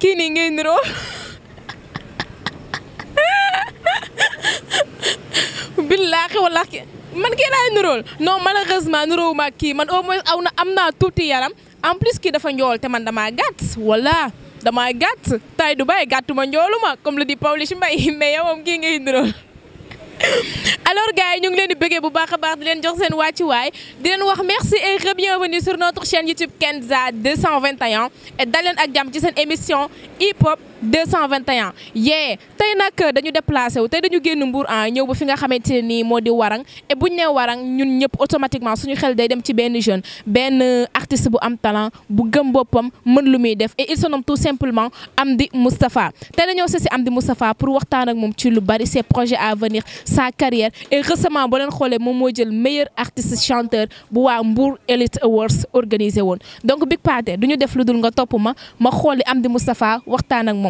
kii nii ngay niroo billaahi wallaahi man kii laay nirool non malheureusement niroowu ma kii man au moins aw na am naa tuuti yaram en plus kii dafa njool te man damaa gàtt walla damaa gàtt tay du bay gàttu ma njoolu ma comme le dit Pawlish Mbaye mais yow moom kii ngay nirool alors gars nous ñu ngi leen di bu merci et bienvenue sur notre chaîne YouTube Kenza 221 et émission hip hop. 221 yee tey nag euh, dañu déplacé wu tey dañu génn mbuur en ñëw ba fi nga xamante ne nii moo di warang et buñ nee warang ñun ñëpp automatiquement suñu xel day dem ci benn jeune benn euh, artiste bu am talent bu gëm boppam mën lu muy def et il se nomme tout simplement Amdy Moustapha tey dañoo seesi Amdy Moustapha pour waxtaan ak moom ci lu bari ses projet à venir sa carrière et récemment boo leen xoolee moom moo jël meilleur artiste chanteur bu waa Mbour Elite Awards organisé woon donc Big du ñu def lu dul nga topp ma ma xooli Amdy Moustapha waxtaan ak moom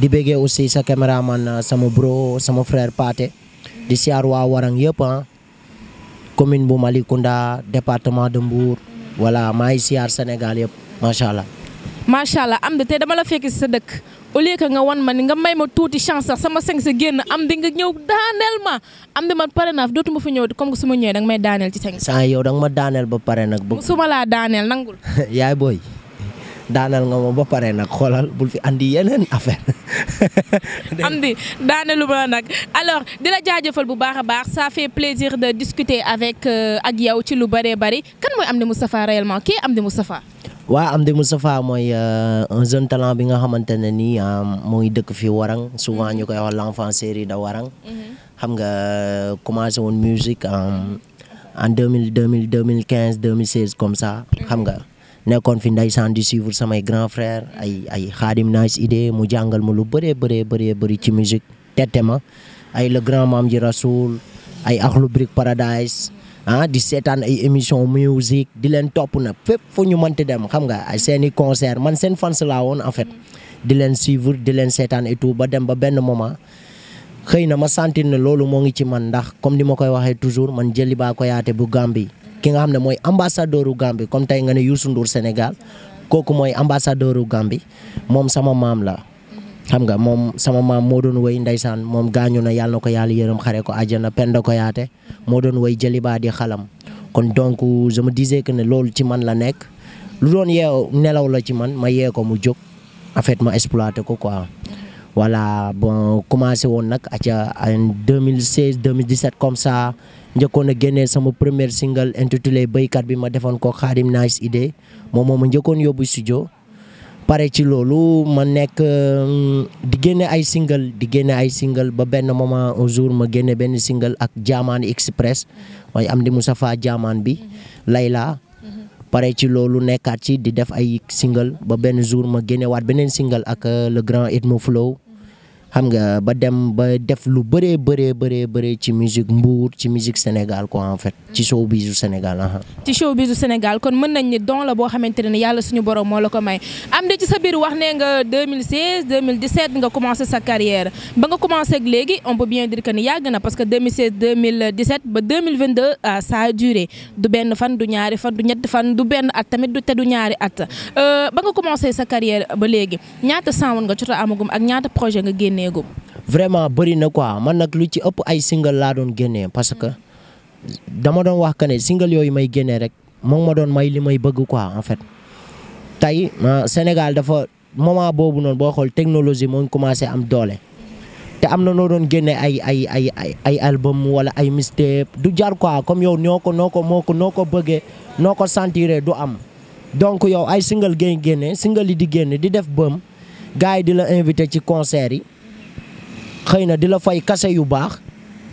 di béggee aussi sa caméraman euh, sama bro sama frère Paate di siyaar waa Warang yëpp ah commune bu Malicounda département de Mbour voilà maa ngi siyaar Sénégal yëpp macha allah. macha allah am de tey dama la fekk si sa dëkk. au lieu que a wan ma ni nga may ma tuuti chance sax sama seng sa génn am di nga ñëw daaneel ma am di man pare naa dootuma fi ñëw comme que su ma ñëwee danga may daaneel ci seng. saa yow danga ma daaneel ba pare nag. bu su ma laa daaneel nangul. yaay booy. daanal nga ma ba pare nag xoolal bul fi andi yeneen affaire. am di daanalu ma nag alors di la jaajëfal bu baax a baax ça fait plaisir de discuter avec euh, ak yow ci lu bëree bëri kan mooy Amdy Moustapha réellement kii Amdy Moustapha. waaw Amdy Moustapha mooy euh, un jeune talent bi nga xamante ne nii euh, mooy dëkk fi Warang souvent ñu koy wax l'enfant série da Warang. Mhm. xam nga commencé woon musique en en deux mille deux mille deux mille quinze deux mille seize comme ça mhm. xam nga. nekkoon fi ndeysaan di suivre samay grand frère ay ay xaadim nice idée mu jàngal ma lu bëree bëree bëree bëri ci musique tette ma ay le grand maam ji rasoul ay Akhlou Brick Paradise ah, di seetaan ay émission musique di leen topp na fépp fu ñu mënti dem xam nga ay seen i concert man seen fans laa woon en fait di leen suivre di leen seetaan et tout ba dem ba benn moment xëy na ma sentir na loolu moo ngi ci man ndax comme ni ma koy waxee toujours man Jëli Ba yaate bu Gambie ki nga xam ne mooy ambassadeur u Gambie comme tey nga ne Youssou Ndour Sénégal kooku mooy ambassadeur u Gambie moom sama maam la. xam nga moom sama maam moo doon woy ndeysaan moom gaañu na yàlla na ko yàlla yërëm xare ko àjjana Penda Koyaate moo doon woy jëlibaa di xalam kon donc je me disais que ne loolu ci man la nekk lu doon yeew nelaw la ci man ma yee ko mu jog en fait ma exploité ko quoi. voilà bon commencé woon nag à ca en 2016 2017 comme sa Joko gënné eh, sama premier single intitulé béykat bi ma défon ko Khadim Nice idée mom mom ma yobu studio pare ci lolu ma nek mm, di génne ay single di génne ay single ba ben moment un jour ma génne ben single ak Jaman Express way am di Moustapha Jaman bi Layla pare ci lolu nekkat ci di def ay single ba Uzur jour ma wat benen single ak eh, le grand Edmo Flow xam nga ba dem ba def lu bëree bëree bëree bëree ci musique Mbour ci musique Sénégal quoi en fait ci showbizu Sénégal aha ci showbizu Sénégal kon mën nañ ni don la boo xamante ne yàlla suñu borom moo la ko may am de ci sa biir wax ne nga 2016 2017 nga commencé sa carrière ba nga commencé ak léegi on peut bien dire que ni yàgg na parce que 2016 2017 ba 2022 ah, ça a duré du benn fan du ñaari fan du ñetti fan du benn at tamit du te du ñaari at euh, ba nga commencé sa carrière ba léegi ñaata son nga jot a amagum ak ñaata projet nga génne génneegum. vraiment bëri na quoi man nag lu ci ëpp ay single laa doon génnee parce que dama doon wax que ne single yooyu may génnee rek moom ma doon may li may bëgg quoi en fait tey Sénégal dafa moment boobu noonu boo xool technologie moo ngi commencé am doole. te am na noo doon génne ay ay ay ay ay album wala ay mixtape du jar quoi comme yow noo ko noo ko moo noo ko bëggee noo ko sentiree du am donc yow ay single ngay génne single di génne di def bëm gars di la invité ci concert yi. xëy na di la fay kase yu baax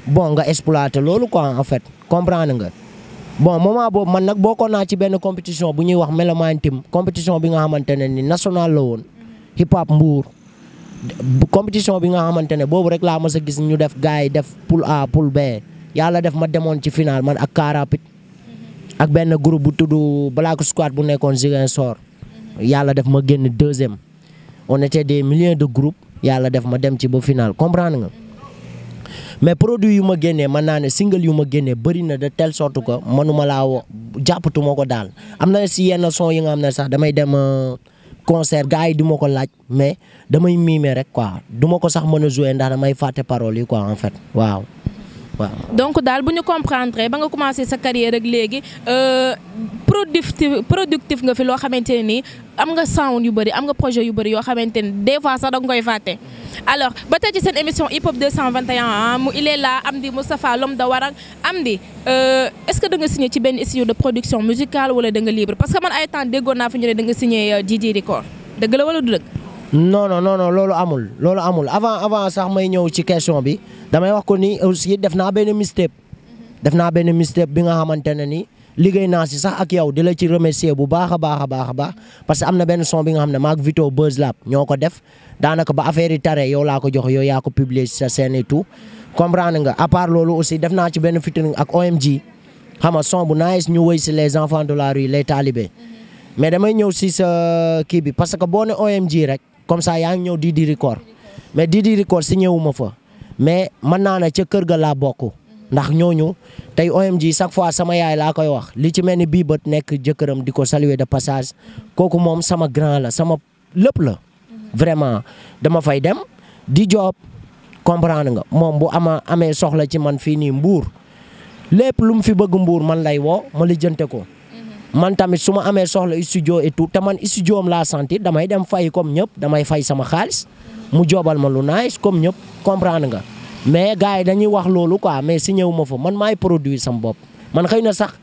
bon nga exploité loolu quoi en fait comprendre nga. bon moment boobu man nag bokkoon naa ci benn compétition bu ñuy wax Mélomane Team compétition bi nga xamante ne ni national la woon hip hop mbuur compétition bi nga xamante ne boobu rek laa mas a gis ñu def gars yi def poule A poule B yàlla def ma demoon ci final man ak Carapit ak benn groupe bu tudd Black Squad bu nekkoon Ziguinchor yàlla def ma génn deuxième on était des millions de groupes. yàlla def ma dem ci ba final comprendre nga mais produit yu ma génnee mën naa ne single yu ma génnee bëri na de telle sorte que mënuma laa woo jàppatuma ko daal am na si yenn son yi nga xam ne sax damay dem euh, concert gars yi du ma ko laaj mais damay miime rek quoi du ma ko sax mën a jouer ndax may fàtte paroles yi ko en fait waaw. waaw donc daal bu ñu comprendre ba nga commencé sa carrière rek léegi euh, productif productif nga fi loo xamante ne nii am nga sound yu bëri am nga projet yu bëri yoo xamante ni des fois sax da nga koy alors ba tey ci émission hip hop 221 ah mu il est là Amdy Moustapha l'homme de Warang Amdy euh, est-ce que da nga signé ci benn studio de production musicale wala da nga libre parce que man ay temps déggoon naa fi ñu ne da nga signé euh, Didi Record dëgg la wala du no non non loolu amul loolu amul avant avant sax may ñëw ci question bi damay wax ko ni aussi def naa benn mistake. def naa benn mistake bi nga xamante ne ni liggéey naa si sax ak yow di la ci remercier bu baax a baax a baax a baax parce que am na benn son bi nga xam ne maag Vito Buzz Lab ñoo ko def daanaka ba affaire yi tare yow laa ko jox yow yaa ko publier si sa seen et tout. comprendre nga à part loolu aussi def naa ci benn featuring ak OMG xam nga son bu nice ñu wëy si les enfants de la rue les talibés mais damay ñëw si sa kii bi parce que boo ne OMG rek. comme ça yaa ñëw di di record mais di di record si ñëwuma fa mais mën naa ne ca kër ga laa bokk ndax ñooñu tey OMG chaque fois sama yaay laa koy wax li ci mel ni bii bët nekk jëkkëram di ko saluer de passage kooku moom sama grand la sama lépp la vraiment dama fay dem di job comprendre nga moom bu ama amee soxla ci man fii nii mbuur lépp lu fi bëgg mbuur man lay woo ma lijjante ko man tamit su ma amee soxla studio et tout te man studio am laa sentir damay dem fay comme ñëpp damay fay sama xaalis mu joobal ma lu nice comme ñëpp comprendre nga mais gars yi dañuy wax loolu ko mais si ñëw ma fa man maay produire sama bopp man xëy na sax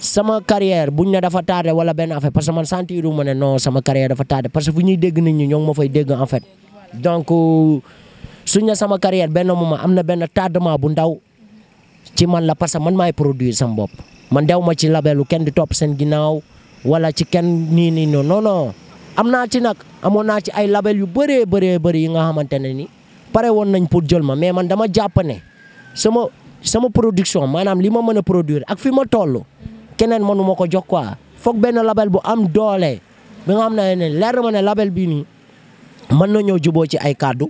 sama carrière buñ ne dafa tardé wala benn affaire parce que man sentiru ma ne non sama carrière dafa tardé parce que fu ñuy dégg nit ñi ñoo ngi ma fay en fait donc euh, suñ ne sama carrière benn moment am na benn tardement bu ndaw ci man la parce que man maay produire sama bopp. man dew ma ci labelu kenn di topp seen ginnaaw wala ci kenn nii nii non non am naa ci nag amoon naa ci ay label yu bëree bëree bëri yi nga xamante ne ni pare woon nañ pour jël ma mais man dama jàpp sama sama production maanaam li ma mën a produir ak fi ma toll keneen mënu ma ko jox quoi foog benn label bu am doole bi nga na ne leer ma ne label bii nii mën na ñoo juboo ci ay kàddu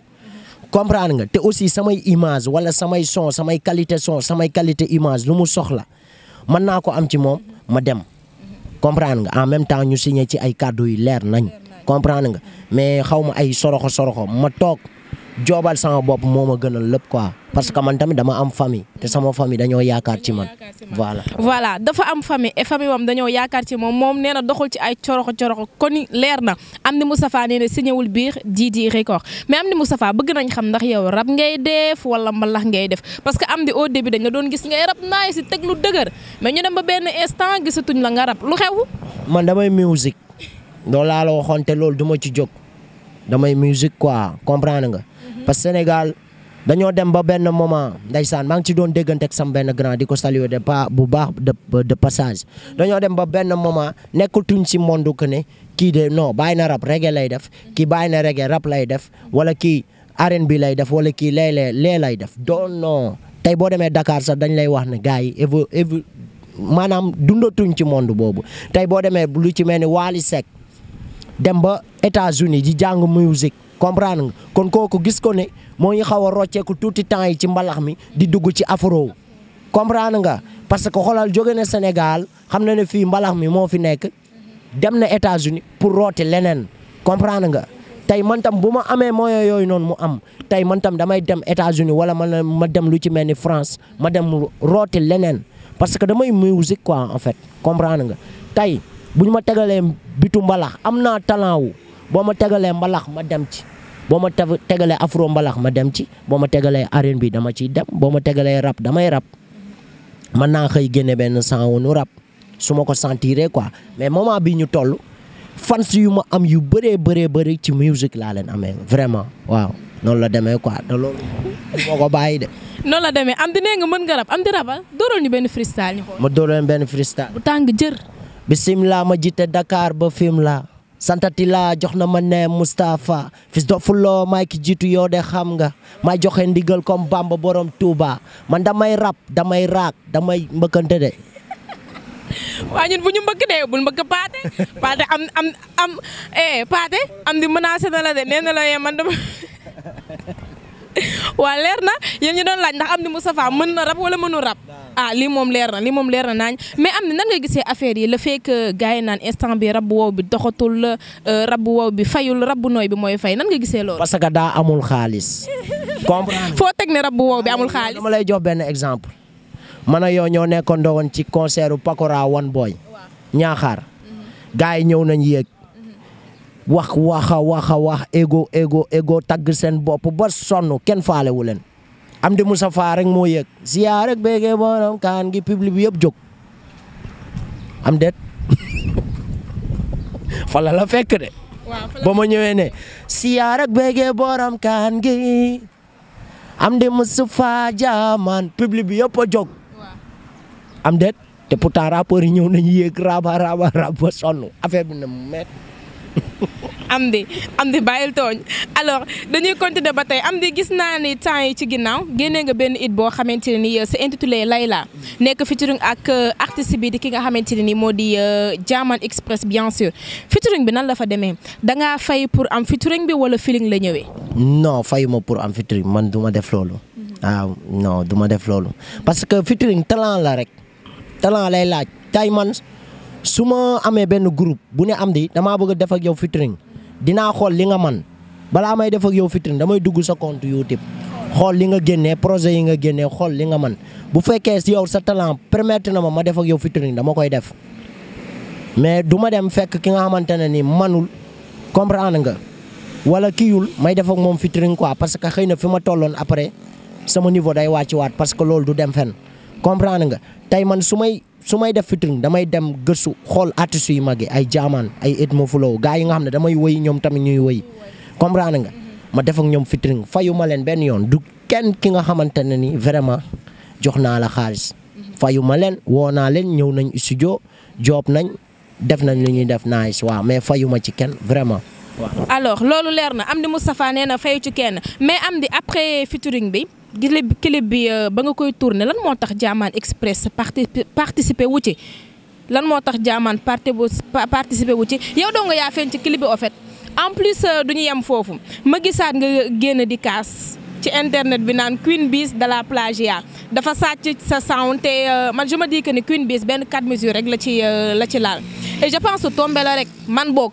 comprendre nga te aussi samay image wala samay son samay qualité son samay qualité mu soxla mën naa ko am ci moom ma dem comprendre nga en même temps ñu signé ci ay kàddu yi leer nañ comprendre nga mais xaw ma ay soroxo soroxo ma toog joobal sama bopp moo ma gënal lëpp quoi parce que man tamit dama am famille te sama famille dañoo yaakaar ci man voilà. voilà dafa am famille et famille wam dañoo yaakaar ci moom moom nee na doxul ci ay coroxo coroxo kon leer na Amdy Moustapha nee na signé wul biir Didi Record mais Amdy Moustapha bëgg nañ xam ndax yow rap ngay def wala lax ngay def parce que am di au début da nga doon gis ngay rap naay si teg lu dëgër mais ñu dem ba benn instant gisatuñ la nga rap lu xew. man damay musique loolu laa la loolu du ci jóg damay musique quoi comprendre nga. parce que Sénégal dañoo dem ba benn moment ndeysaan maa ngi ci doon déggante ak sam benn grand di ko salio de pas bu baax de de passage dañoo dem ba benn moment nekkatuñ ci monde que kii de non bàyyi na rab reggae lay def kii bàyyi na reggae rap lay def wala kii arène bi lay def wala kii lee lee lee lay def doon noo tey boo demee Dakar sax dañ lay wax ne gars yi évo évo maanaam dundatuñ ci monde boobu tey boo demee lu ci mel ni waali Seck dem ba États-Unis di jàng musique comprendre nga kon kooku gis ko ne moo ngi xaw a rocceeku tuuti temps yi ci mbalax mi di dugg ci afro comprendre nga parce que xoolal joge na Sénégal xam na ne fii mbalax mi moo fi nekk dem na États-Unis pour rooti leneen comprendre nga tey man tam bu ma amee moyen yooyu noonu mu am tey man tam damay dem États-Unis wala man ma dem lu ci mel ni France ma dem rooti leneen parce que damay musique quoi en fait comprendre nga tey bu ñu ma tegalee bitu mbalax am naa talent boo ma mbalax ma dem ci boo ma tegalee afro mbalax ma dem ci boo ma tegalee arène bi dama ciy dem boo ma tegalee rab damay rap mën naa xëy génne benn sangunu rap su ma ko sentiree quoi mais moment bi ñu toll fans yu ma am yu bëree bëree bëri ci musique laa leen amee vraiment waaw noonu la demee quoi te moo ko bàyyi de. noonu la demee am di nee nga mën nga rab am di rap dóoral ñu benn freestyle ñu xool. ma dóoral benn freestyle. bu tàng jër. bisimilah ma jiite Dakar ba fim laa santati laa jox na ma ne Moustapha fis do fuloo ki jiitu yoo de xam nga may joxe ndigal comme Bamba borom tuuba man damay rap damay raak damay mbëkkante de. waa ñun bu ñu mbëkk dee bul mbëkk paate paate am am am eh, paate am di menacé na la de nee na la yee eh, man dama waa leer na yéen ñu doon laaj ndax am di Moustapha mën na rap wala mënu rap. ah lii moom leer na lii moom leer na naañ mais am na nan nga gisee affaire yi la fekk gars yi naan instant bi rabu wow bi doxatul euh, rabu wow bi fayul rabu nooy bi mooy fay nan nga gisee loolu. parce que daa amul xaalis. comprendre foo teg ne rabu wow bi amul xaalis. dama lay jox benn exemple. man ak yow ñoo nekkoon doon ci concert u Pakora One Boy. ñaaxaar. Mhm. gars yi ñëw nañ yéeg. Mhm. wax waxa waxa wax ego ego ego tagg seen bopp ba sonn kenn faalewu leen. am de Moussa Fall rek mo yek ziar rek bege borom kan gi public bi yeb jog am det fala la fek de wa ma ñëwee ne ziar rek bege borom kan gi am di Moustapha jaman public bi yeb jog am det te pourtant rapport ñew nañ yek raba raba raba affaire bi na met am di am di bàyyil tooñ alors dañuy continuer ba tey am di gis naa ni temps yi ci ginnaaw génnee nga benn it boo xamante ne ni euh, c'est intitulé Layla nekk featuring ak euh, artiste bi di ki nga xamante ne ni moo di Jahman euh, X-Press bien sûr featuring bi nan la fa demee da ngaa fay pour am featuring bi wala feeling la ñëwee. non fayuma pour am featuring man duma def loolu. waaw non duma def loolu parce que featuring talent la rek talent lay laaj su ma amee benn groupe bu ne am di damaa bëgg a def ak yow featuring dinaa xool li nga man balaa may def ak yow featuring damay dugg sa compte YouTube xool li nga génnee projet yi nga génne xool li nga man bu fekkee si yow sa talent permettre na ma ma def ak yow featuring dama koy def mais du ma dem fekk ki nga xamante ne ni manul comprendre nga wala kiyul may def ak moom featuring quoi parce que xëy na fi ma tolloon après sama niveau day wàcc waat parce que loolu du dem fenn comprendre nga su may def featuring damay dem gëstu xool artistes yu mag yi ay jaamaan ay Edmo Flow gars yi nga xam ne damay woyi ñoom tamit ñuy woy comprendre nga ma def ak ñoom featuring fayuma leen benn yoon du kenn ki nga xamante ne ni vraiment jox naa la xaalis fayu ma leen woo naa leen ñëw nañ studio joob nañ def nañ li ñuy def nice waaw mais fayuma ci kenn vraiment. waaw alors loolu leer na am Amdy Moustapha nee na fayu ci kenn mais Amdy après featuring bi. clip clip bi euh, ba nga koy tourné lan moo tax Jahman Express parti participer wu ci lan moo tax Jahman parti participer wu ci yow doo nga yaa feeñ ci clip bi en fait en plus euh, du ñu yem foofu ma gisaat nga génn di kaas ci internet bi naan Queen Biz de la plagia dafa sàcc sa sound te euh, man je me dis ni Queen Biz benn quatre mesures rek la ci la ci laal et je pense que rek man boog.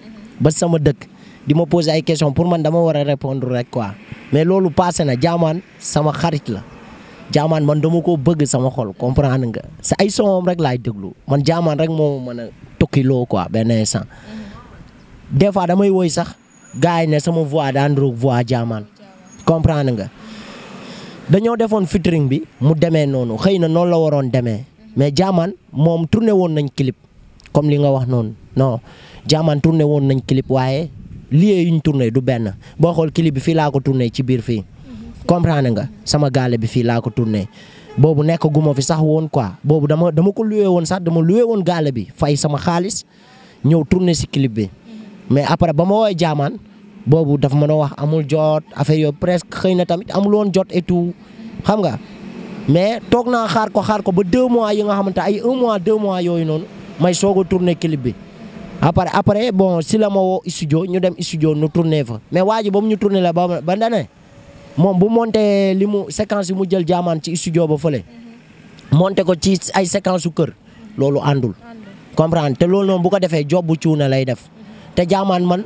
ba sama dëkk di ma poser ay question pour man dama war a répondre rek quoi mais loolu passé na jaamaan sama xarit la jaamaan man dama ko bëgg sama xol comprendre nga sa ay sonam rek laay déglu man jaamaan rek moo mën a tukkiloo quoi benn instant des fois damay woy sax gars yi ne sama voix daan roog voix jaamaan comprendre nga dañoo defoon featuring bi mu demee noonu xëy na noonu la waroon demee mais jaamaan moom tourné woon nañ clip comme li nga wax noonu non jaamaan tourné woon nañ kilip waaye lieu yuñ tourné du benn boo xool clip bi fii laa ko tourné ci biir fii comprendre nga sama gaale bi fii laa ko tourné boobu nekk guma fi sax woon quoi boobu dama dama ko luwee woon sax dama luwee woon gaale bi fay sama xaalis ñëw tourné si clip bi mais après ba ma woowee jaamaan boobu daf mën a wax amul jot affaire yooyu presque xëy na tamit amul woon jot et tout xam nga mais toog naa xaar ko xaar ko ba deux mois yi nga xamante ay un mois deux mois yooyu noonu may soog a tourné bi après après bon si la ma woo studio ñu dem studio nu tourné fa mais waa ji ba mu ñu tourné la ba ba ndane moom bu monté li mu séquence yi mu jël jaamaan ci studio ba fële monté ko ci ay séquence su kër loolu àndul comprendre te loolu noonu bu ko defee job bu cuuna lay def te jaamaan man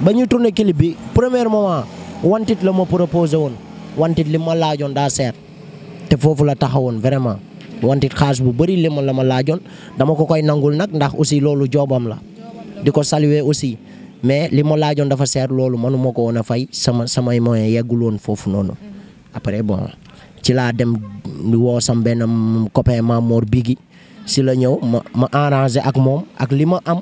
ba ñu tourné clip bi premier moment wantit la ma proposé woon wantit li ma laajoon daa seer te foofu la taxawoon vraiment wantit xaalis bu bëri li ma la ma laajoon dama ko koy nangul nag ndax aussi loolu joobam la di ko saluer aussi mais li ma laajoon dafa seer loolu mënu ma ko woon a fay sama samay moyens yeggul woon foofu noonu mhm. après bon ci laa dem woo sam benn copain Mamour Biggi si la ñëw ma ma arrangé ak moom ak li ma am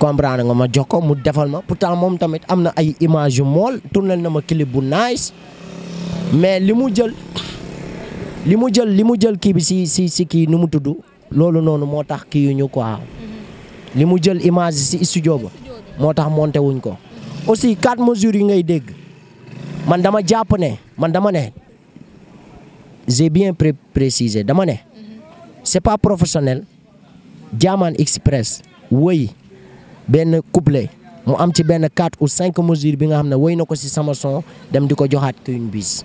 comprendre nga ma jox ko mu defal ma pourtant moom tamit am na ay image yu mool tournel na ma clip bu nice mais li mu jël li mu jël li mu jël kii bi si si kii nu mu tudd loolu noonu moo tax kii yu ñu quoi li mu jël image si studio ba moo tax monté wuñ ko aussi quatre mesures yi ngay dégg man dama jàpp ne man dama ne j'ai bien précisé dama ne c'est pas professionnel Diamane Express woy benn couplet mu am ci benn quatre ou cinq mesures bi nga xam ne way na ko si sama son dem di ko joxaat Queen Biz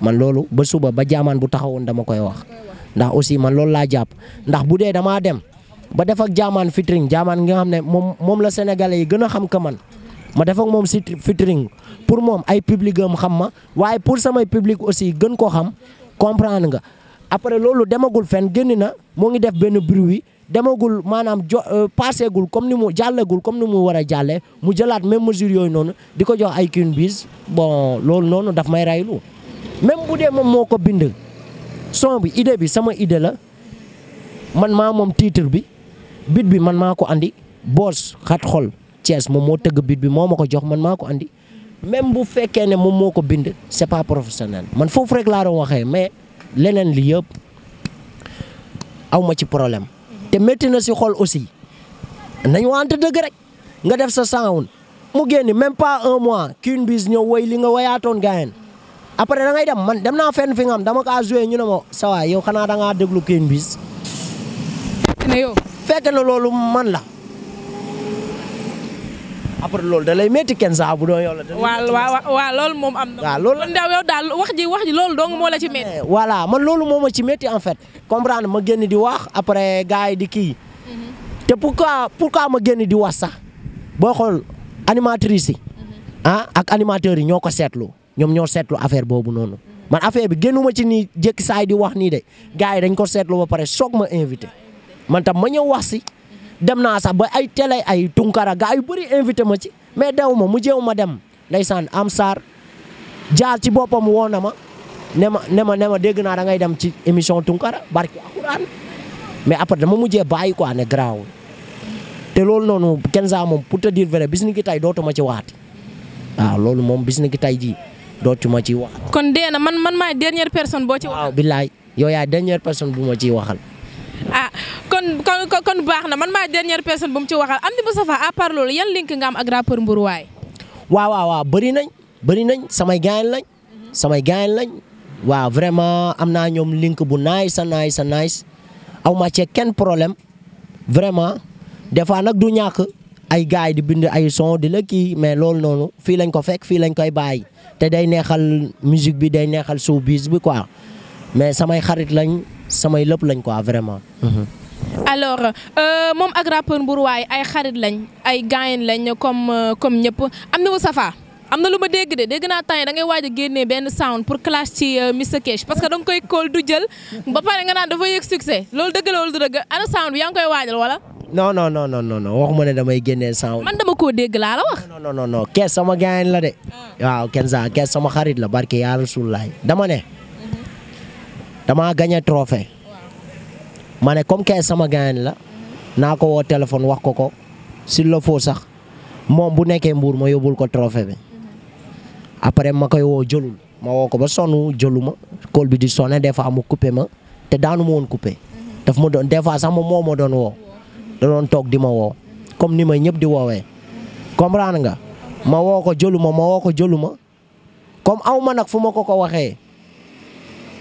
man loolu ba suba ba Diamane bu taxawoon dama koy wax ndax aussi man loolu laa jàpp ndax bu dee damaa dem ba def ak jaamaan featuring jaamaan nga xam ne moom moom la sénégalais yi gën a xam ka man ma def ak moom si featuring pour moom ay public am xam ma waaye pour samay public aussi gën ko xam comprendre nga après loolu demagul fenn génn na moo ngi def benn bruit demagul maanaam jo euh, passegul comme ni mu jàllagul comme ni mu war a jàllee mu jëlaat ma mesure yooyu noonu di ko jox ay Queen Biz bon loolu noonu daf may raylu même bu dee moom moo ko bind son bi idée bi sama idée la man moom titre bi bit bi man maa ko andi boos xat xol cees moom moo tëgg bit bi moo ma ko jox man maa ko andi même bu fekkee ne moom moo ko bind c'est pas professionnel man foofu rek laa doon waxee mais leneen li yëpp aw ma ci problème te métti na si xol aussi nañu wante dëgg rek nga def sa sound mu génn même pas un mois Queen Biz ñëw woy li nga woyaatoon gaayen après da ngay dem man dem naa fenn fi nga dama kaa joué ñu ne ma sawaay yow xanaa da ngaa déglu Queen Biz. ne fekk na loolu man la après loolu da lay métti kenn saa bu doon yow la. waaw waaw waaw loolu moom am na. waaw loolu yow daal wax ji wax ji loolu dong moo la ci metti eh, voilà man loolu moo ma ci metti en fait comprendre ma génn di wax après gars yi di kii. Mhm. te pourquoi pourquoi ma génn di wax sax boo xool animatrice yi. Mhm. ah ak animateur yi ñoo ko seetlu ñoom ñoo seetlu affaire boobu noonu. Mhm. man affaire bi génnuma ci ni jékki saay di wax nii de gars yi dañ ko seetlu ba pare soog ma invité. man tam ma ñëw wax si dem naa sax ba ay tele ay tunkara gaa yu bëri invité ma ci mais dew ma mu ma dem ndeysaan am saar jaar ci boppam woo na ma ne ma ne ma ne ma dégg naa da ngay dem ci émission tunkara barki alxuraan mais après dama mujjee bàyyi quoi ne garaawul te loolu noonu Kenza moom pour te dire vrai bis ni ki tey dootuma ci waxati waaw loolu moom bis ni ki tey jii dootuma ci wax. kon dee na man man maay dernière personne boo ci wax. waaw billaay yow yaay dernière personne bu ma ciy waxal. ah kon kon kon baax na man maa dernière personne bu mu ci waxal am di Moustapha à part loolu yan link nga am ak rappeur Mbour waay. waaw waaw waaw bëri nañ bëri nañ samay gaañ lañ. Mhm. samay gaañ lañ. waa vraiment am naa ñoom link bu nice sa nice sa nice aw ma ci kenn problème vraiment des fois nag du ñàkk ay gars yi di bind ay son di la kii mais loolu noonu fii lañ ko fekk fii lañ koy bàyyi te day neexal musique bi day neexal showbiz bi quoi mais samay xarit lañ. samay lépp lañ quoi vraiment. Mhm. alors euh, moom ak rappeur Mbour waaye ay xarit lañ ay gaayen lañ comme euh, comme ñëpp am na Moustapha am na lu ma dégg de dégg naa temps yi da ngay waaj a génnee benn sound pour clash ci euh, Mr Cash parce que da koy kóol du jël ba pare nga naan dafa yëg succès loolu dëgg la loolu du dëgg ana sound bi yaa ngi koy waajal wala. no non non non non waxuma ne damay génnee sound. man dama koo dégg laa la wax. non sama gaayen la de. Ah. waaw Kenza Cash sama xarit la barke yaa Rasulaay dama ne. damaa gagné trophée ma ne comme que sama gaañ la naa ko woo téléphone wax ko ko si le faut sax moom bu nekkee mbuur ma yóbbul ko trophée bi après ma koy woo jolul ma woo ko ba sonn jëlu ma kóol bi di sone des fois mu coupé ma te daanu ma woon coupé daf ma doon des fois sax moom moo ma doon woo da doon toog di ma woo comme ni ma ñëpp di woowee comprendre nga ma woo ko jëlu ma ma woo ko ma comme aw ma nag fu ma ko ko waxee.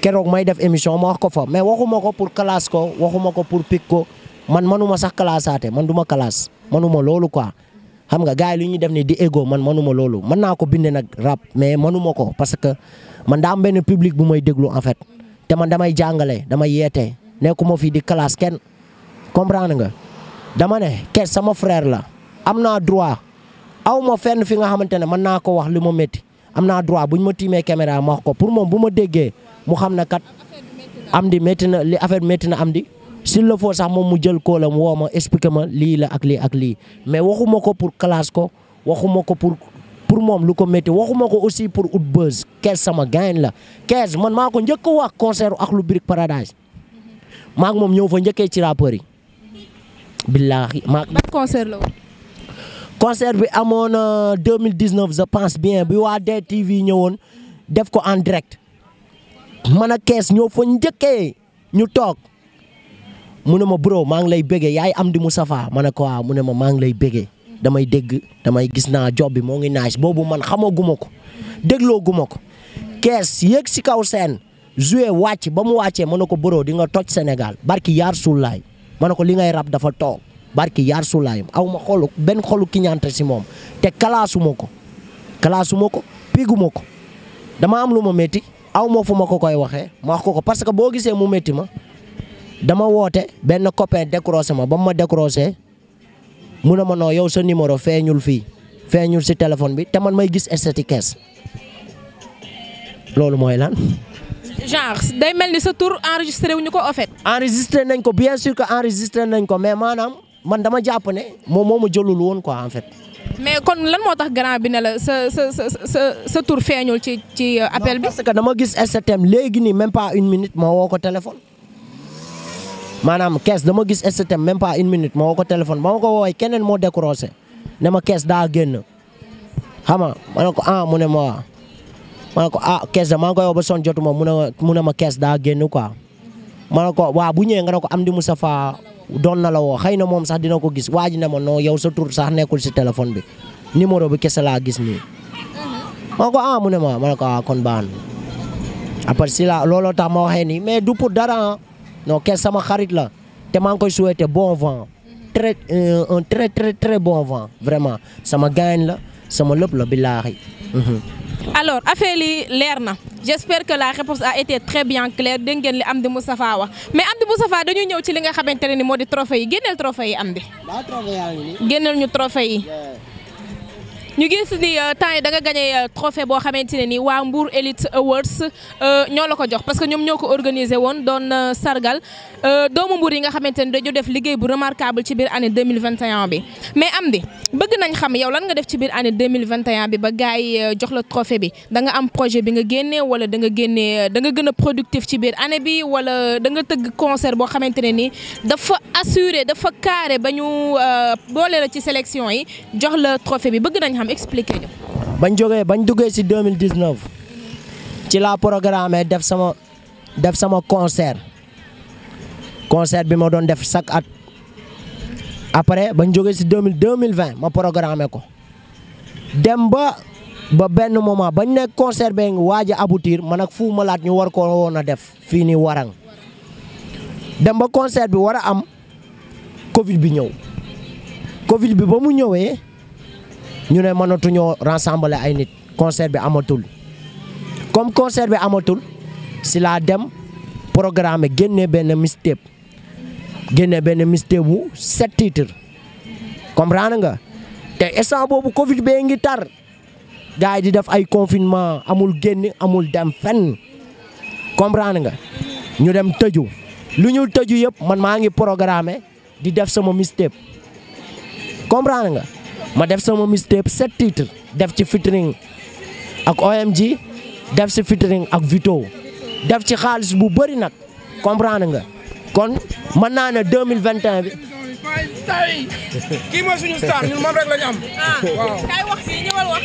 keroog may def émission ma wax ko fa mais waxuma ko pour classe ko waxuma ko pour pic ko man manuma sax classaate man duma ma classe manuma loolu quoi xam nga gars yi li ñuy def ni di ego man manuma loolu mën naa ko binde nag rap mais manuma ko parce que man daa am benn public bu may déglu en fait te man damay jàngale damay yeete nekkuma fii di classe kenn comprendre nga dama ne ke sama frère la am naa droit aw ma fenn fi nga xamante ne mën naa ko wax li ma métti am naa droit bu ñu ma tiimee caméra ma wax ko pour moom bu ma déggee mu xam na kat am di métti na li affaire métti na am di si le faut sax moom mu jël kóolam woo ma expliqué ma lii la ak lii ak lii mais waxuma ko pour classe ko waxuma ko pour pour moom lu ko métti waxuma ko aussi pour ut buzz kees sama gain la kees man maa ko njëkk wax concert ak lu Brick Paradise maa moom ñëw fa njëkkee ci rappeurs yi billaahi concert bi amoon 2019 euh, je pense bien bi waa DTV ñëwoon def ko en direct man a kees ñoo fa njëkkee ñu toog mu ne ma bro maa ngi lay bëggee yaay am di Moustapha ma ne ko waa mu ne ma maa ngi lay bëggee damay dégg damay gis naa job bi moo ngi naaj boobu man xamaguma ko dégloo guma ko kees yëg si kaw seen joué wàcc ba mu wàccee ma ne ko bro di nga toj Sénégal barki yaar suulaay ma ne ko li ngay rab dafa toog barki yaar sulaayam aw ma xolu benn xolu kiñaante si moom te kalaasuma ko kalaasuma ko piguma ko dama am lu ma métti aw ma fu ma ko koy waxee ma wax ko ko parce que boo gisee mu métti ma dama woote benn copain décroché ma ba mu ma décroché mu ne ma noo yow sa numéro feeñul fii feeñul si téléphone bi te man may gis esthétique loolu mooy lan. genre day mel ni sa tour enregistré wuñu ko en fait. nañ ko bien sûr que enregistré nañ ko mais maanaam man dama jàpp ne moom moo ma jëlul woon ko en fait. mais kon lan moo tax grand bi ne la sa sa sa sa sa tur feeñul ci ci appel bi. parce que dama gis STM léegi nii même pas une minute ma woo ko téléphone. maanaam kees dama gis STM même pas une minute ma woo ko téléphone ba ma ko woowee keneen moo décroché ne ma kees daa génn xam nga ma ne ko ah mu ne ma waa ma ne ko ah kees da maa ngi koy jotuma mu ne ma mu ma kees daa génn quoi ma ne ko waa bu ñëwee nga ne ko am di Moustapha doon na la woo xëy na moom sax dina ko gis waa ji ne ma noo yow sa tur sax nekkul si téléphone bi numéro bi kese laa gis nii. Mhm. ma ko ah mu ne ma ma ne ko ah kon baax na après si looloo tax ma waxee nii mais du pour dara ah. non kenn sama xarit la te maa ngi koy souhaiter bon vent. Mhm. très euh, un très bon vent vraiment sama gain la. sama lépp la billahi mhm. alors affaire yi leer j'espère que la réponse a été très bien claire de ngeen li Amdy Moustapha wa mais Amdy Moustapha dañu ñëw ci li nga xamante ne ni moo trophée yi génneel trophée yi Amdy génneel ñu trophée yi ñu gis ni euh, temps yi da nga euh, trophée boo xamante ne ni waa Mbour Elite Awards euh, ñoo la ko jox parce que ñoom ñoo ko organisé woon doon sargal doomu Mbour yi nga xamante ni dañu def liggéey bu remarquable ci biir année 2021 bi mais am di bëgg nañ xam yow lan nga def ci biir année 2021 bi ba gaay yi jox la trophée bi danga am projet bi nga génne wala da nga génnee da gën a productif ci biir année bi wala danga tëgg concert boo xamante ne ni dafa assuré dafa carré ba ñu boole la ci sélection yi jox la trophée bi bëgg nañ ba expliqué ñu. bañ jógee bañ duggee si 2019 ci la programme def sama def sama concert concert bi ma doon def chaque at après bañ jógee si 2020 ma programme ko dem ba ba benn moment bañ nekk concert bee ngi waaj a aboutir man ak Fou Malade ñu war ko woon a def fii nii warang dem ba concert bi war a am Covid bi ñëw Covid bi ba mu ñëwee. ñu ne mënatuñoo rassembler ay nit concert bi amatul comme concert bi amatul si laa dem programme génne benn mixtape génne benn mixtape bu sept titres comprendre nga te instant boobu Covid bee ngi tar gars di def ay confinement amul génn amul dem fenn comprendre nga ñu dem tëju lu ñu tëju yëpp man maa ngi programmer di def sama mixtape comprendre nga. ma def sama mistake set titre def ci featuring ak OMG def ci featuring ak Vito def ci xaalis bu beuri nak comprendre nga kon man na na 2021 bi. ki mo suñu star ñun mom rek lañ am. Ah, kay wax ci ñewal wax.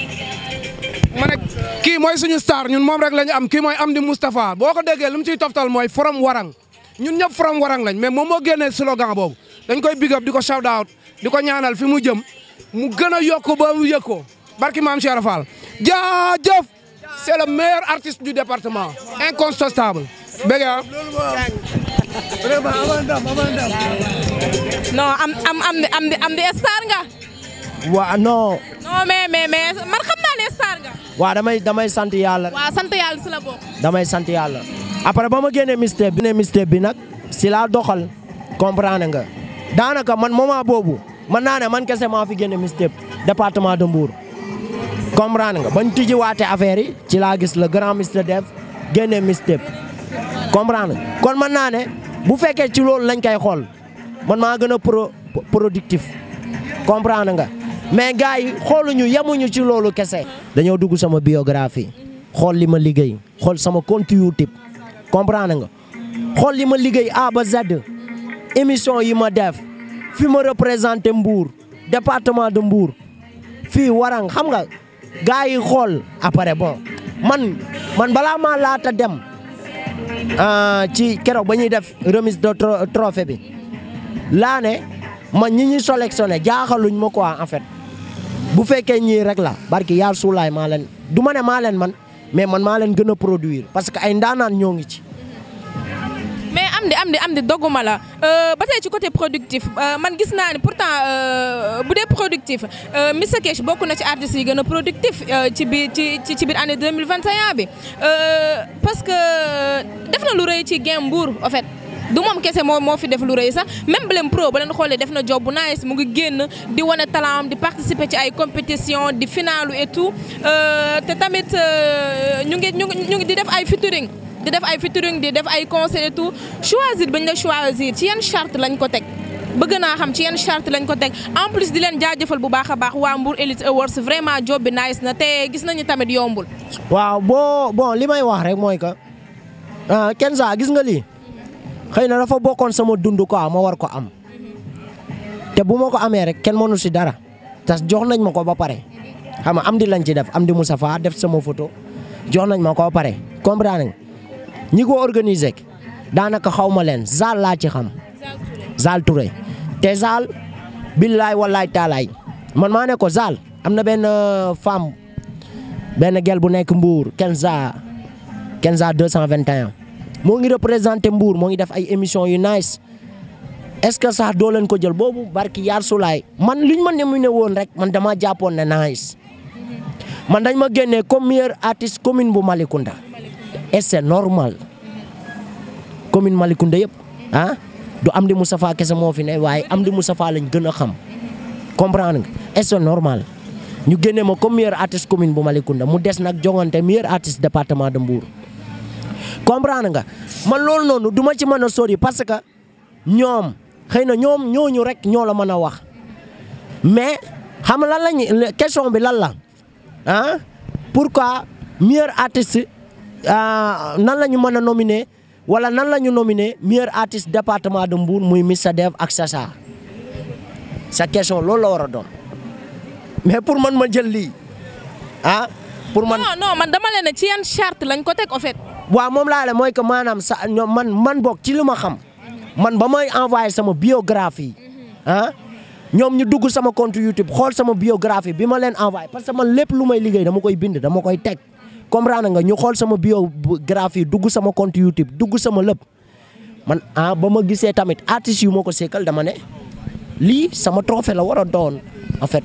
mané ki moy suñu star ñun mom rek la am ki Mustafa, Amdi Moustapha boko déggé lu mu ciy toftal moy from warang ñun ñep from warang lañ mais moom moo génnee slogan bobu dañ koy big up di ko shout out di ko ñaanal fi mu jëm. mu gën a yokk ba mu yëg ko barki maam Cheikh Fall jaajëf c'est le meilleur artiste du département incontestable bëgg a ah. am am am am am di star nga waa non non mais mais mais man xam naa ne nga waa damay damay sant yàlla waa sant yàlla si la damay sant yàlla après ba ma génnee mixtape bi ne mixtape bi nag si laa doxal comprendre nga daanaka man moment boobu mën naa ne man kese maa fi génne Mixtape département de Mbour comprendre nga bañ tijjiwaatee affaire yi ci laa gis le grand Mixtape def génne Mixtape comprendre nga kon man naa ne bu fekkee ci loolu lañ koy xool man maa gën a pro productif nga mais gars yi xooluñu yemuñu ci loolu kese. dañoo dugg sama biographie xool li ma liggéey xool sama compte YouTube nga xool li ma liggéey A ba Z émission yi ma def. fi ma représenté Mbour département de Mbour fi warang xam nga gaay yi après bon man man balaa la ta dem ah, ci kéro ba def remise de trophée bi la ne man ñi ñuy sélectionné jaaxaluñ ma quoi en fait bu féké ñi rek la barki yar ma len duma né ma len man mais man ma len gëna produire parce que ay ndanan ñongi ci am di am di am di dogguma la euh, ba tey ci côté productif euh, man gis na ni pourtant euh, bu dee productif Mr Cash bokku na ci artistes yi gëna a productif ci bi ci ci biir année 2021 bi parce que def na lu reuy ci gain en fait du mom kese mo moo fi def lu reuy sax même Blm Pro balen xolé def na job bu nice mu ngi génn di wane talent am di participer ci ay compétition di finalu et tout té tamit ñu ngi ñu ngi di def ay featuring di def ay featuring di def ay concert et tout bañ la choisir ci yan charte lañ ko teg bëgg naa xam ci yan charte lañ ko teg en plus di leen jaajëfal bu baax a baax waa Mbour Elite Awards vraiment job bi nice na te gis nañu tamit yombul. waaw boo bon li may wax rek mooy que ah, Kenza gis nga lii xëy na dafa bokkoon sama dund quoi ma war ko am te bu ma ko amee rek kenn mënu si dara te jox nañ ma ko ba pare xam nga am di lañ ci def am di Moustapha def sama photo jox nañ ma ko ba pare ñi ko organisé daanaka xaw ma leen Zal laa ci xam Zal Touré te Zal billaay wallaay taalaay man maa ne ko Zal am na benn euh, femme benn gel bu nekk Mbour Kenza Kenza 221 moo ngi représenté Mbour moo ngi def ay émission yu nice est-ce que sax doo leen ko jël boobu barki yaar sulaay man liñ ma ne woon rek man dama jàppoon ne nice man dañ ma génnee comme meilleur artiste commune bu Malicounda est c'est normal commune malikunda yëpp ah do amdi Moustapha kessa mo fi ne waye amdi Moustapha lañ gëna xam comprendre nga est c'est normal ñu génnee ma comme meilleur artiste commune bu Malicounda mu dess nak jongante meilleur artiste département de Mbour comprendre nga ma lol nonu duma ci mëna sori parce que ñom xeyna ñom ñoñu rek ñoo la wax mais xam la lañ question bi lan la ah pourquoi meilleur artiste Euh, nan la ñu mën a nominer wala nan lañu ñu nominer meilleur artiste département de Mbour muy Mister Dev ak Sacha sa question loolu la war a doon mais pour man ma jël lii ah. pour man non non man dama leen ne ci yan charte lañ ko teg en waa moom laa la mooy que maanaam sa ñoom man man bokk ci li xam man ba may envoyé sama biographie ah ñoom ñu dugg sama compte YouTube xool sama biographie bi ma leen envoyé parce que man lépp lu may liggéey dama koy bind dama koy teg. comprendre nga ñu xool sama biographie dugg sama compte YouTube dugg sama lépp man ah ba ma gisee tamit artis yu ma ko sekkal dama ne lii sama trofe la war a doon en fait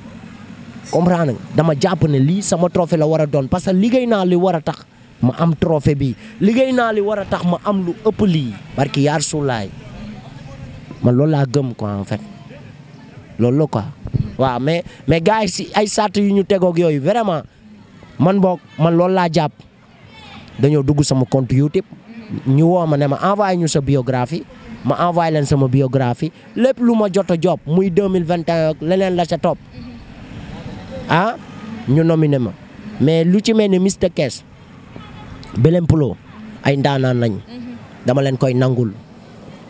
comprendre nga dama jàpp ne lii sama trofe la war a doon parce que liggéey naa li war a tax ma am trophée bi liggéey naa li war a tax ma am lu ëpp lii barki yaar suulaay ma loolu laa gëm ko en fait loolu la quoi waaw mais mais ay sart yu ñu tegoog yooyu vraiment man boog man loolu laa jàpp dañoo dugg sama compte YouTube ñu woo ma ne ma envoyé ñu sa biographie ma envoyé leen sama biographie lépp lu ma jot a job muy 2021 ak leneen la ca topp ah ñu nominé ma mais lu ci mel ni Mister Cash Belem Pulo ay ndaanaan nañ dama leen koy nangul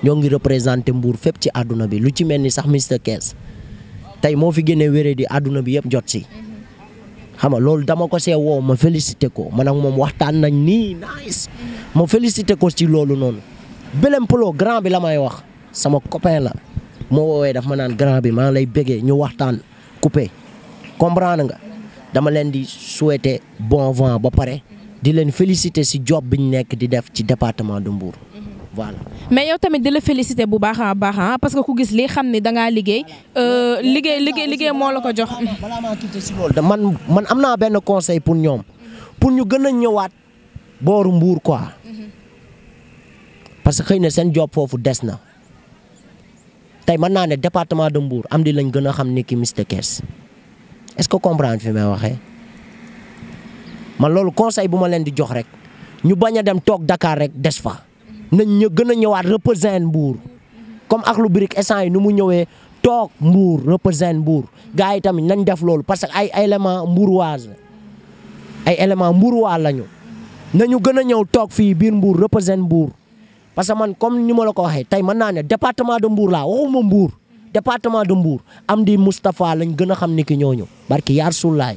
ñoo ngi représenté Mbour fépp ci àdduna bi lu ci mel ni sax Mister Cash tey moo fi génnee wéree di àdduna bi yëpp jot si xam nga loolu dama ko se woo ma félicité ko man ak moom waxtaan nañ nii nice ma félicité ko ci loolu noonu Belem Polo grand bi la may wax sama copain la moo woowee daf ma naan grand bi maa ngi lay bégee ñu waxtaan coupé comprendre nga dama leen di souhaiter bon vent ba pare di leen féliciter ci job biñ nekk di def ci département de Mbour mais yow tamit di la féliciter bu baax a baax ah, parce que ku gis lii xam ni da ngaa liggéey. Euh, liggéey liggéey moo la ko jox. balaa maa man man am naa benn conseil pour ñoom pour ñu gën a ñëwaat booru mbuur quoi parce que xëy na seen job foofu des na tey mën naa ne département de mbuur am di lañ gën a xam ni ki Mister Cash est que comprendre fi may waxee man loolu conseil bu ma leen di jox rek ñu bañ a dem toog Dakar rek des fa. nañ ñu gën a ñëwaat représente Mbour comme ak lu birik instant yi nu mu ñëwee toog Mbour représente Mbour gars yi tamit nañ def loolu parce que ay élément mbouroise la ay élément mbourois la ñu nañu gën a ñëw toog fii biir Mbour représente mbuur parce que man comme ni ma la ko waxee tey mën naa ne département de Mbour laa waxuma mbuur département de Mbour am di Moustapha lañ gën a xam ni ki ñooñu barki yaar sullaay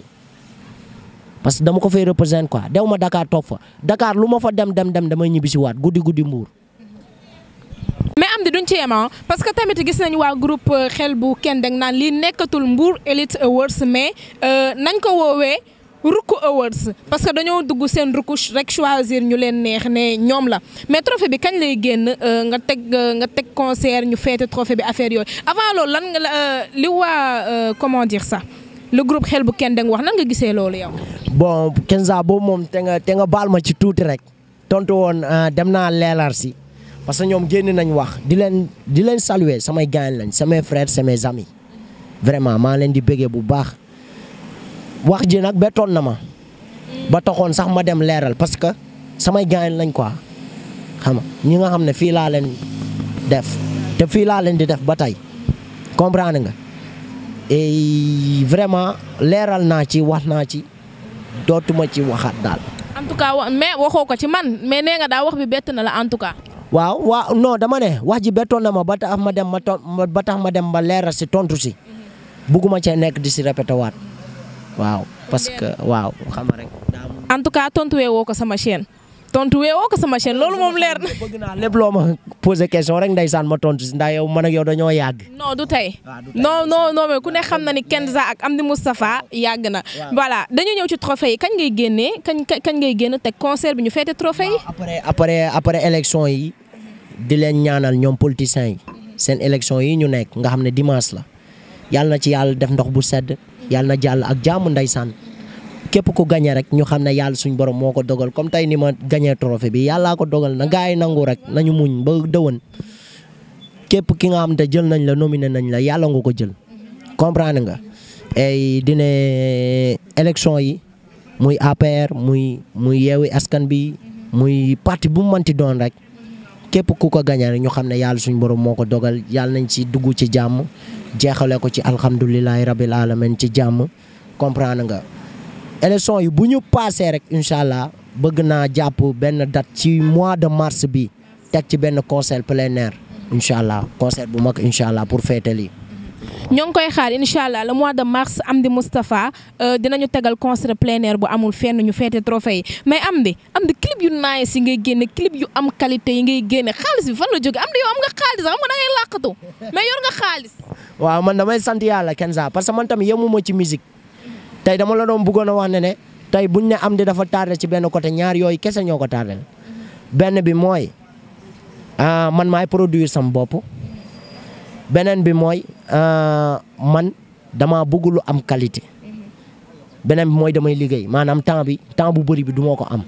parce que dama ko fay représente quoi dew ma Dakar toog fa Dakar lu ma fa dem dem dem damay ñibbi waat guddi guddi mbuur. mais am di duñ ci yem ah. parce que tamit gis nañ waa groupe euh, xel bu kenn dégg naan lii nekkatul Mbour Elite Awards mais euh, nañ ko woowee Ruku Awards parce que dañoo dugg seen ruku rek choisir ñu leen neex ne ñoom la mais trophée bi kañ lay génn euh, nga teg nga teg concert ñu feete trophée bi affaire yooyu avant loolu lan nga la li waa comment dire ça. le group xel bu Kendeng wax nan nga gisee loolu yow. bon Kenza boobu moom te nga te nga baal ma ci tuuti rek tontu woon euh, dem naa leelar si parce que ñoom génn nañ wax di leen di leen saluer samay gaañ lañ samay frères samay amis vraiment maa leen di bëggee bu baax wax ji nag bettoon na ma ba toxoon sax ma dem leeral parce que samay gaañ lañ quoi xam ñi nga xam ne fii laa leen def te fii laa leen di def ba tey comprendre nga. et vraiment leeral naa ci wax naa ci dootuma ci waxaat daal. en tout cas mais waxoo ko ci man mais nee nga daa wax bi bett na la en tout cas. waaw waaw non dama ne wax ji bettoon na ma ba tax ma dem ma ton ba tax ma dem ba leeral si tontu si mhm. bugguma cee nekk di si répété waat waaw parce que waaw xam rek. en tout cas tontuwee woo ko sama chaîne. tontu weewoo ko sama chaîne loolu moom leer na. bëgg naa lépp loo ma posé question rek ndeysaan ma tontu si ndax yow man yow dañoo yàgg. non du tey ah, non non non ku ne xam na ni kenn Kenza ak am Amdi Moustapha yàgg na. voilà dañu ñëw ci trophée yi kañ ngay génnee kañ kañ ngay génn teg concert bi ñu féete trophée yi. après après après élection yi di leen ñaanal ñoom politiciens yi seen élection yi ñu nekk nga xam ne dimanche la yàlla na ci yàlla def ndox bu sedd yàlla na jàll ak jaamu ndeysaan képp ku gañe rek ñu xam ne yàlla suñ borom moo ko dogal comme tey ni ma gagné trophée bi yàllaa ko dogal na gars yi nangu rek nañu muñ ba dëwën képp ki nga xam te jël nañ la nominé nañ la yàlla ko jël comprendre nga ay dina élection yi muy APR muy muy yeewi askan bi muy parti bu mu mënti doon rek képp ku ko gagné rek xam ne yàlla suñ borom moo ko dogal yàlla nañ ci dugg ci jàmm jeexale ko ci alhamdulilahi rabil alamin ci jàmm comprendre nga élection yi bu ñu paasee rek incha allah bëgg naa jàpp benn date ci mois de mars bi teg ci benn concert plein air incha bu mag incha allah pour féete lii. ñoo ngi koy xaar incha allah le mois de mars Amdy Moustapha euh, dinañu tegal concert plein bu amul fenn ñu féete trophée yi mais am Amdy clip yu nice yi ngay génne clip yu am qualité yi ngay génne xaalis bi fan la jóge Amdy yow am nga xaalis xam nga da ngay mais yor nga xaalis. waaw ci musique. tey dama la doon bëggoon a wax ne ne tey buñ ne Amdy dafa taare ci benn côté ñaar yooyu kese ñoo ko tardé benn bi mooy ah, man maay produir sam bopp beneen bi mooy ah, man dama bëgg am qualité beneen bi mooy damay liggéey maanaam temps bi temps bu bëri bi du ma ko am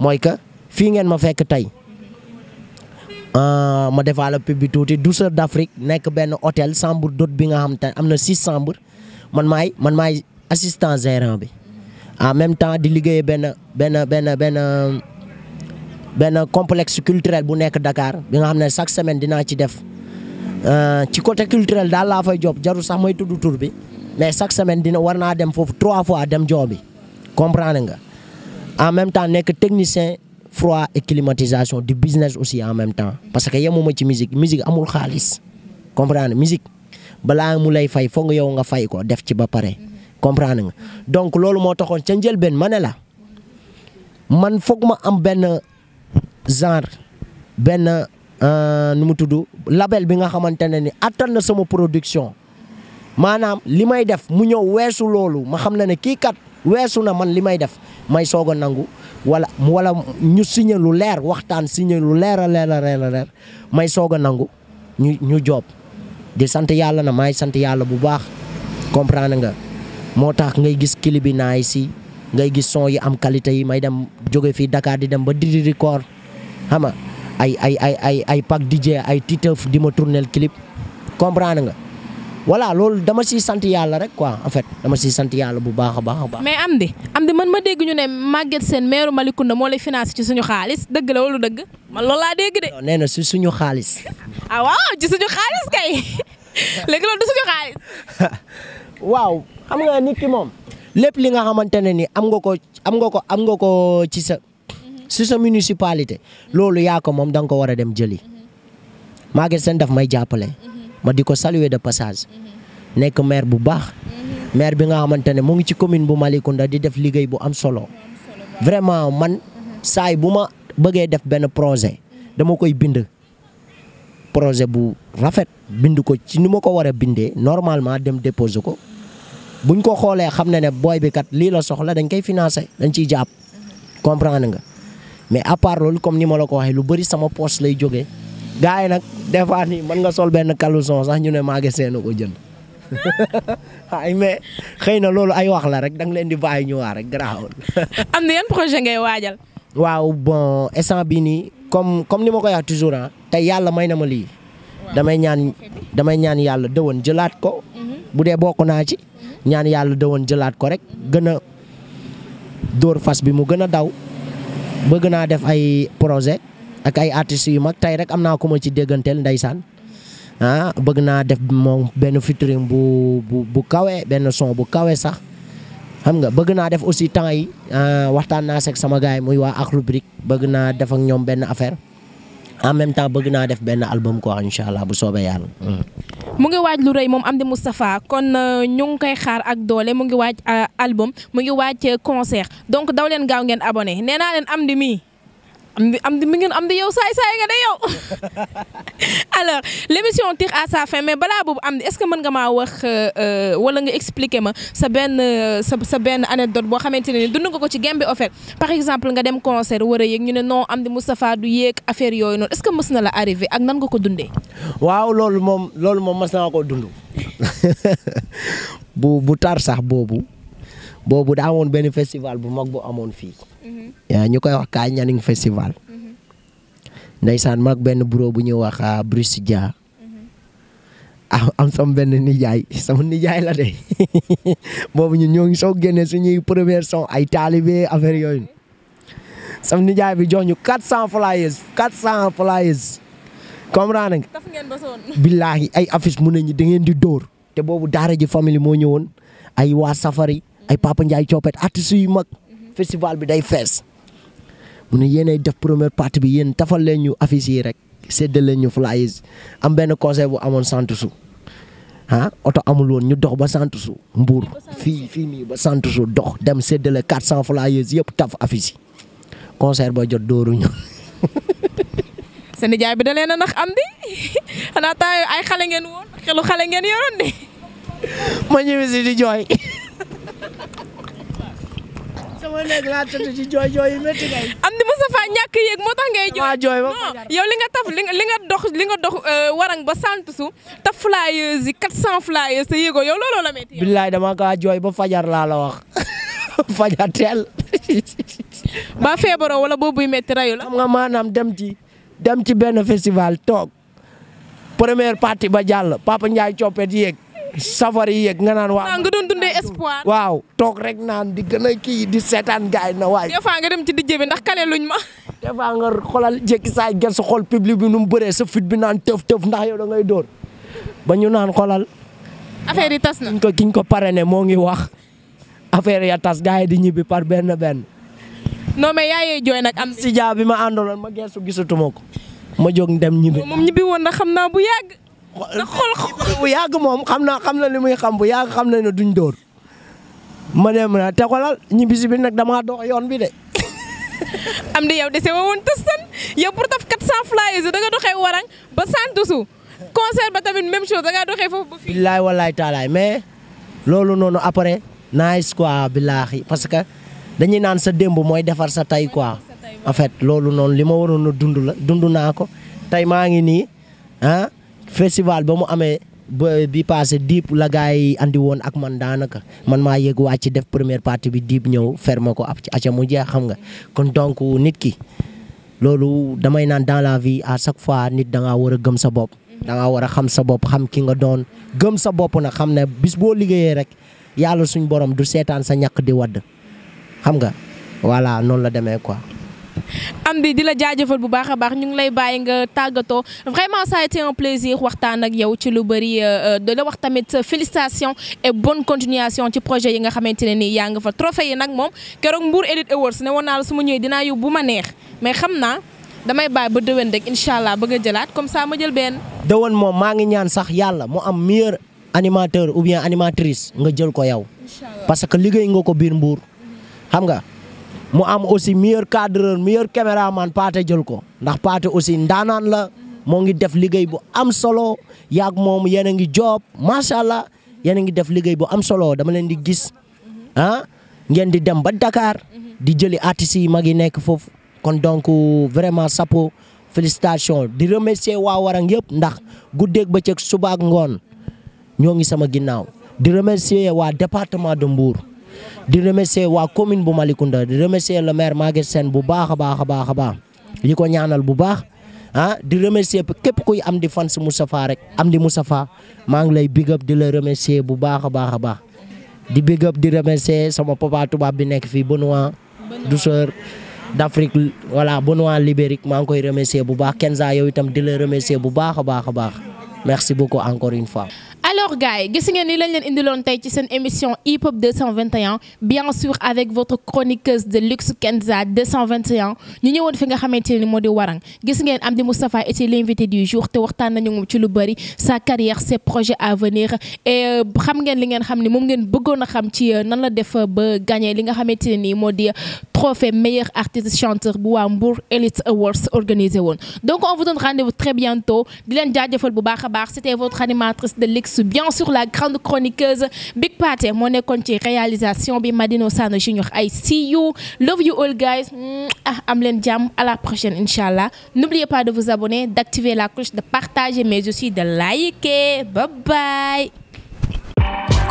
mooy que fii ngeen ma fekk tey ah, ma développé bi tuuti douceur d'Afrique nekk benn hôtel chambre d'hôte bi nga xam te am na six chambres man maay man maay assistant gérant bi en même temps di liggéey benn benn benn benn benn complexe culturel bu nekk dakaar bi nga xam ne chaque semaine dinaa ci def euh, ci côté culturel daal laa fay job jarul sax may tudd tur bi mais chaque semaine dina war naa dem foofu trois fois dem joobi comprendre nga en même temps nekk technicien froid et climatisation du business aussi en même temps parce que ma ci musique musique amul xaalis comprendre musique balaa mu lay fay nga yow nga fay ko def ci ba pare. comprendre donc loolu moo taxoon ca njëlbeen ma ne la man foog ma am benn genre benn euh, nu mu tudd label bi nga xamante ne ni attan na sama production maanaam li may def mu ñëw weesu loolu ma xam na ne kii kat weesu na man li may def may soog a nangu wala wala ñu signé lu leer waxtaan signé lu leer a leer a leer may soog a nangu ñu ñu joob di sant yàlla na maay sant yàlla bu baax comprendre nga. moo tax ngay gis clip yi naay si ngay gis son yi am qualité yi may dem jóge fii dakaar di dem ba Didi Record xam ay ay ay ay ay Pac DJ ay Titeuf di ma turnel clip comprendre nga voilà loolu dama siy sant yàlla rek quoi en fait dama siy sant yàlla bu baax a baax a baax. mais Amdy Amdy man ma dégg ñu ne Maguette seen maire Malicounda moo lay financé ci suñu xaalis dëgg la wala dëgg man loolu laa dégg de. nee na si suñu xaalis. ah ci suñu xaalis kay léegi loolu du suñu am nga nit moom lépp li nga xamante ne ni am nga ko am nga ko am nga ko ci sa mhm. ci sa municipalité mhm. loolu yaa ko moom da nga ko war a dem jëli mhm. Maguette seen daf may jàppale ma di ko saluer de passage nekk maire bu baax maire bi nga xamante ne mu ngi ci commune bu Malicounda di def liggéey bu am solo vraiment man saay bu ma bëggee def benn projet dama koy bind projet bu rafet bind ko ci ni ma ko war bindee normalement dem déposer ko bu ñu ko xoolee xam ne ne booy bi kat lii la soxla dañ koy financé dañ ciy jàpp comprendre nga mais à part loolu comme ni ma la ko waxee lu bëri sama poche lay jógee gars yi nag des fois nii nga sol benn caleçon sax ñu ne magasin na ko jënd ay mais xëy na loolu ay wax la rek da leen di bàyyi ñu waa rek garaawul. am na yan ngay waajal. waaw bon instant bii nii comme comme ni ma koy wax toujours ah yàlla may na ma lii. damay ñaan yàlla dëwën jëlaat ko. Mhm. bu dee bokk naa ci. Mhm. ñaan yàlla dëwoon jëlaat ko rek gën a dóor fas bi mu gën a daw bëgg naa def ay projet ak ay artistes yu mag tey rek am naa ko ma ci dégganteel ndeysaan ah bëgg naa def moom benn featuring bu bu bu kawe benn son bu kawe sax xam nga bëgg naa def aussi temps yi ah, waxtaan naa seeg sama gars yi muy waa Akhlou Brick bëgg naa def ak ñoom benn affaire. en même temps bëgg naa def benn album quoi incha allah bu soobee yàlla. mu ngi waaj lu rëy moom Amdy Moustapha kon euh, ñu ngi koy xaar ak doole mu ngi waaj euh, album mu ngi waaj euh, concert donc daw leen gaaw ngeen abonné nee naa leen Amdy mii. am di am di mi ngeen am di yow saay saay nga de yow alors l' émission à sa fin mais balaa boobu am di est ce que mën nga maa wax euh, euh, wala nga expliquer ma sa benn euh, sa sa benn anecdote boo xamante ne dund nga ko ci Gembe offert par exemple nga dem concert war a yéeg ñu ne non am di Moustapha du yéeg affaire yooyu noonu est ce que mës na la arrivé ak nan nga ko dundee. waaw loolu moom loolu moom mës naa ko dund bu tar sax boobu. boobu daa amoon benn festival bu mag bu amoon fii. ñu koy wax Kaay Ñaning festival. ndeysaan mag benn bureau bu ñuy wax ah, Brice Dia. Ah, am sama benn nijaay sama nijaay la de boobu ñun ñoo ngi soo génnee suñuy première son ay taalibe affaire yooyu. sam nijaay bi jox ñu 400 flyers 400 flyers. comprendre nga. daf ngeen billaahi ay affiche mu ne ñu da ngeen di dóor. te boobu daara ji famille moo ñëwoon ay waa safari. ay Papa Ndiaye coppet artistes yu mag festival bi day fees mu ne yéenay def première parti bi yéen tafal leen ñu affiche yi rek séddale ñu flyers am benn conseil bu amoon sant su ah oto amul woon ñu dox ba sant su mbuur fii fii nii ba sant su dox dem séddale quatre cent flyers yëpp taf affiche yi concert ba jot dóoruñu seen jaay bi da leen a nax am di xanaa temps ay xale woon xelu xale ngeen yoroon ma ñëwee si di jooy sama nekk laa tëdd ci nga taf li li nga dox li nga dox euh, warang ba sant su te flyers yi 400 flyers te yéegoo yow looloo la métti. billaay dama kaa jooy ba fajar laa la wax fajar teel. ba feebaroo wala boobu buy métti rayu la. maanaam dem ci dem ci benn festival toog première partie ba jàll Papa Ndiaye coppet yéeg. safari yeeg nga naan waaw. nga doon dundee espoir. waaw toog rek naan di gën a kii di seetaan gaay na waay. des fois nga dem ci di bi ndax kale luñ ma. des fois nga xoolal jékki saay gerte sa xool public bi nu mu bëree sa fit bi naan tëf tëf ndax yow da ngay dóor ba ñu naan xoolal. affaire yi tas na kiñ ko kiñ ko parrainé moo ngi wax affaire ya tas gaay di ñibbi par benn benn. non mais yaayee jooy nag am. si jaa bi ma àndaloon ma gëstu gisatuma ko ma jóg dem ñibbi. moom na xam naa bu yàgg. bu yàgg moom xam na xam na li muy xam bu yàgg xam na na duñ dóor ma dem na te xoolal ñibbisi bi nag damaa dox yoon bi de. am di yow dese woon tëstan yow pour taf 400 flyers da nga doxee warang ba santusu concert ba tamit même chose da nga doxee foofu ba fii. billaay walaay taalaay mais loolu noonu après nice quoi billaahi parce que dañuy naan sa démb mooy defar sa tay quoi en fait loolu noonu li ma waroon a dund la dund naa ko tey maa ngi nii ah, festival ba mu amee ba bi passé diib la gars yi andi woon ak man daanaka man maa yëg wàcc def première partie bi diib ñëw ferme ko ab ci mu jeex xam nga kon donc nit ki loolu damay naan dans la vie à chaque fois nit danga ngaa war a gëm sa bopp. danga ngaa war a xam sa bopp xam ki nga doon gëm sa bopp nag xam ne bis boo liggéeyee rek yàlla suñ borom du seetaan sa ñàkk di wadd xam nga voilà noonu la demee quoi. am di di la jaajëfal bu baax a baax ñu ngi lay bàyyi nga tàggatoo vraiment ça a été un plaisir waxtaan ak yow ci lu bëri euh, euh, de la wax tamit euh, félicitations et bonne continuation ci projet yi nga xamante ne nii yaa nga fa trophée yi nag moom keroog Mbour Elite Awards ne woon naa la su ma ñëwee dinaa yóbbu bu ma neex mais xam naa damay bàyyi ba déwén rek incha allah bëgg a jëlaat comme ça ma jël benn. déwén moom maa ngi ñaan sax yàlla mu am meilleur animateur ou animatrice nga jël ko yow. que liggéey nga ko biir Mbour xam nga. mu am aussi meilleur cadreur meilleur caméraman Pathé jël ko ndax paate aussi ndaanaan la moo ngi def liggéey bu am solo yaag moom yéen a ngi job macha allah yéen a ngi def liggéey bu am solo dama leen di gis ah ngeen di dem ba dakaar di jëli artistes yi mag yi nekk foofu kon donc vraiment sapo félicitation di remercier waa Warang yëpp ndax guddeeg ba suba subaak ngoon ñoo ngi sama ginnaaw di remercier waa département de Mbour. di remercier waa commune bu Malicounda di remercier le maire Maguette seen bu baax a baax a baax a baax li ko ñaanal bu baax ah di remercier képp kuy am di fan fans Moustapha rek am di Moustapha maa ngi lay big di la remercier bu baax a baax a baax di big di remercier sama papa tubaab bi nekk fii Benoît douceur d'Afrique voilà Benoît Libérique maa ngi koy remercier bu baax kenn saa yow itam di la remercier bu baax a baax a baax merci encore une fois. alors gars yi gis ngeen ni lañ leen indiloon tey ci émission hip hop 221 bien sûr avec votre chroniqueuse de luxe Kenza 221 ñu ñëwoon fi nga xamante ni moo Warang. warang gis ngeen Amdy Moustapha était l'invité du jour te waxtaan nañu moom ci lu sa carrière ses projets à venir et euh, xam ngeen li ngeen xam ni moom ngeen bëggoon a xam ci euh, nan la def ba gagné li nga euh, trophée meilleur artiste chanteur bu waa Elite Awards organisé donc on vous donne rendez-vous très bientôt di leen jaajëfal bu baax baax c'était votre animatrice de luxe bien sur la grande chroniqueuse Big pat mon nekkoon ci réalisation bi Madino Sano Junior I see you love you all guys ah, am à la prochaine inshallah n'oubliez pas de vous abonner d'activer la cloche de partager mais aussi de liker bye bye.